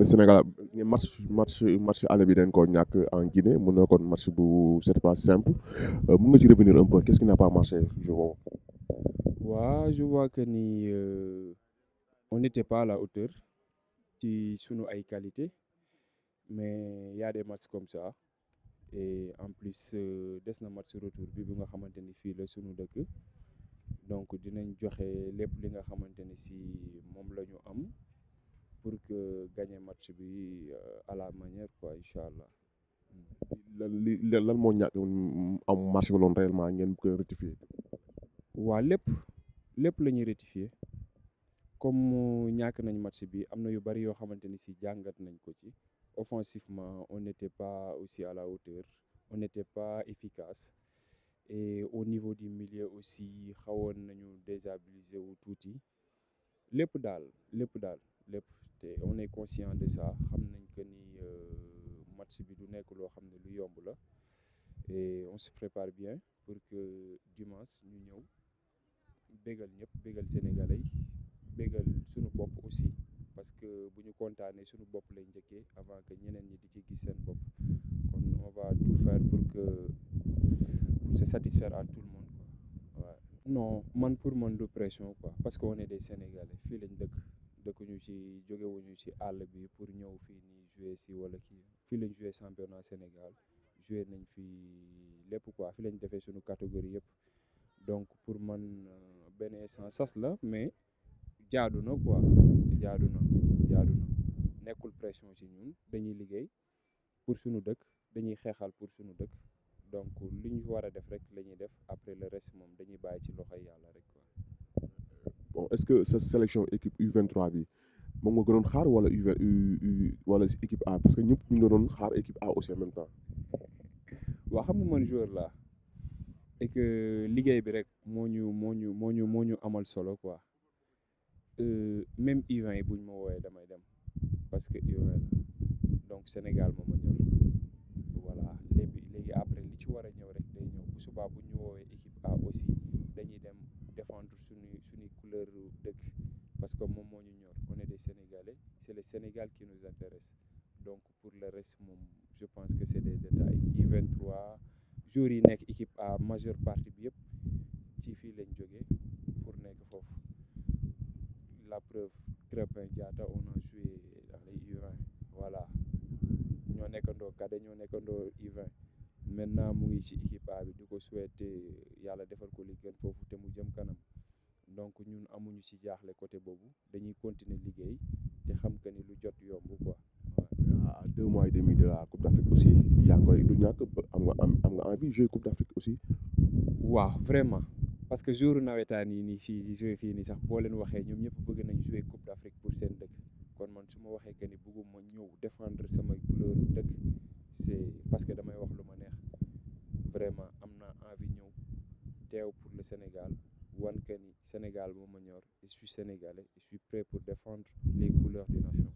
le Sénégal match match match aller bi dañ ko ñak en Guinée mu nekkoon match bu c'était pas simple euh, mun nga ci revenir un peu qu'est-ce qui n'a pas marché je vois. waaw je vois que ni euh, on n'était pas à la hauteur ci sunu ay qualité mais il y a des matchs comme ça et en plus euh, dès na match retour bi bi nga xamante fi le sunu dëkk donc dinañ joxe lepp li nga xamante si mom lañu am pour que gagner match bi euh, à la manière quoi inchallah allah. lan lan moo ñàkk mm, am marché loon réellement ngeen ko rectifier. wa lepp lepp la ñuy rectifier comme ñak nañ match bi amna yu bari yo xamanteni ni si jàngat nañ ko ci offensivement on n'était pas aussi à la hauteur on n'était pas efficace et au niveau du milieu aussi xawon nañu déstabiliser wu touti lepp dal lepp dal lepp te on est conscient de ça xamnañ que ni euh, match bi du nek lo xamné lu yomb la et on se prépare bien pour que dimanche ñu ñëw bégal ñep bégal sénégalais bégal suñu bop aussi parce que buñu ñu suñu bop lay njëkkee avant que ñenen ñi di ci gis seen kon on va tout faire pour que pour se satisfaire à tout le monde quoi waaw non man pour man de pression quoi parce que on est des sénégalais fi lañ dëkk dëkkuñu ci jógewuñu ci àll bi pour ñëw fii nii jouer si wala kii fii lañ jouer championnat Sénégal jouer nañ fi lépp quoi fi lañ défé suñu catégorie yépp donc pour man euh, benn essence sas la mais jaaduna quoi jaadu jaaduna jaadu na pression ci ñun dañuy liggéey pour suñu dëkk dañuy xéxal pour suñu dëkk donc li wara def rek lañuy def après le reste mom dañuy bayyi ci loxoy yalla rek est-ce que sa sélection équipe U23 bi moom nga gënon xaar wala U U wala équipe A parce que ñëpp ñu ngi doon xaar équipe A aussi en même temps. wa xam nga man joueur laa et que liggéey bi rek moñu moñu moñu moñu amal solo quoi euh même U20 buñ ma wooyee damay dem parce que U20 donc Sénégal mo ma ñor voilà léegi léegi après li ci wara a ñëw rek day ñëw bu subaa bu ñu woowee équipe A aussi parce que nous on est des Sénégalais c'est le Sénégal qui nous intéresse donc pour le reste je pense que c'est des détails i 23 Jury, équipe à majeure partie bi pour la preuve on a joué dans les voilà 20 maintenant mu ci équipe A bi souhaiter ko li gën mu jëm donc ñun amuñu ci jaxlé côté bobu dañuy continuer liggéey té xam que ni lu jot yomb quoi. à deux mois et demi de la Coupe d'Afrique aussi ya ngoy du ñak am nga am nga envie jouer Coupe d'Afrique aussi. wa vraiment parce que jour nawetaan ni ci si jouer fii nii sax bo leen waxé ñom ñep bëgg nañ jouer Coupe d'Afrique pour sen dëkk kon man suma waxé que ni bëgguma ñëw défendre sama couleur dëkk c'est parce que damay wax luma neex vraiment amna envie ñëw téw pour le Sénégal wan Sénégal moo ma ñor je suis sénégalais je suis prêt pour défendre les couleurs du nation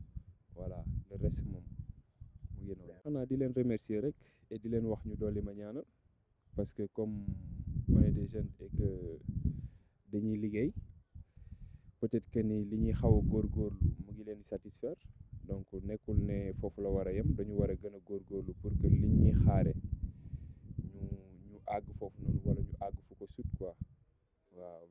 voilà le reste moom mu ngi noonu. di leen remercier rek et di leen wax ñu dolli ma ñaanal parce que comme on est des jeunes et que dañuy liggéey peut-être que ni li xaw gor gorlu mu ngi leen satisfaire donc nekkul ne fofu la wara a dañu wara gëna gor gorlu pour que li xaré ñu ñu ag fofu non wala ñu ag fuko ko quoi.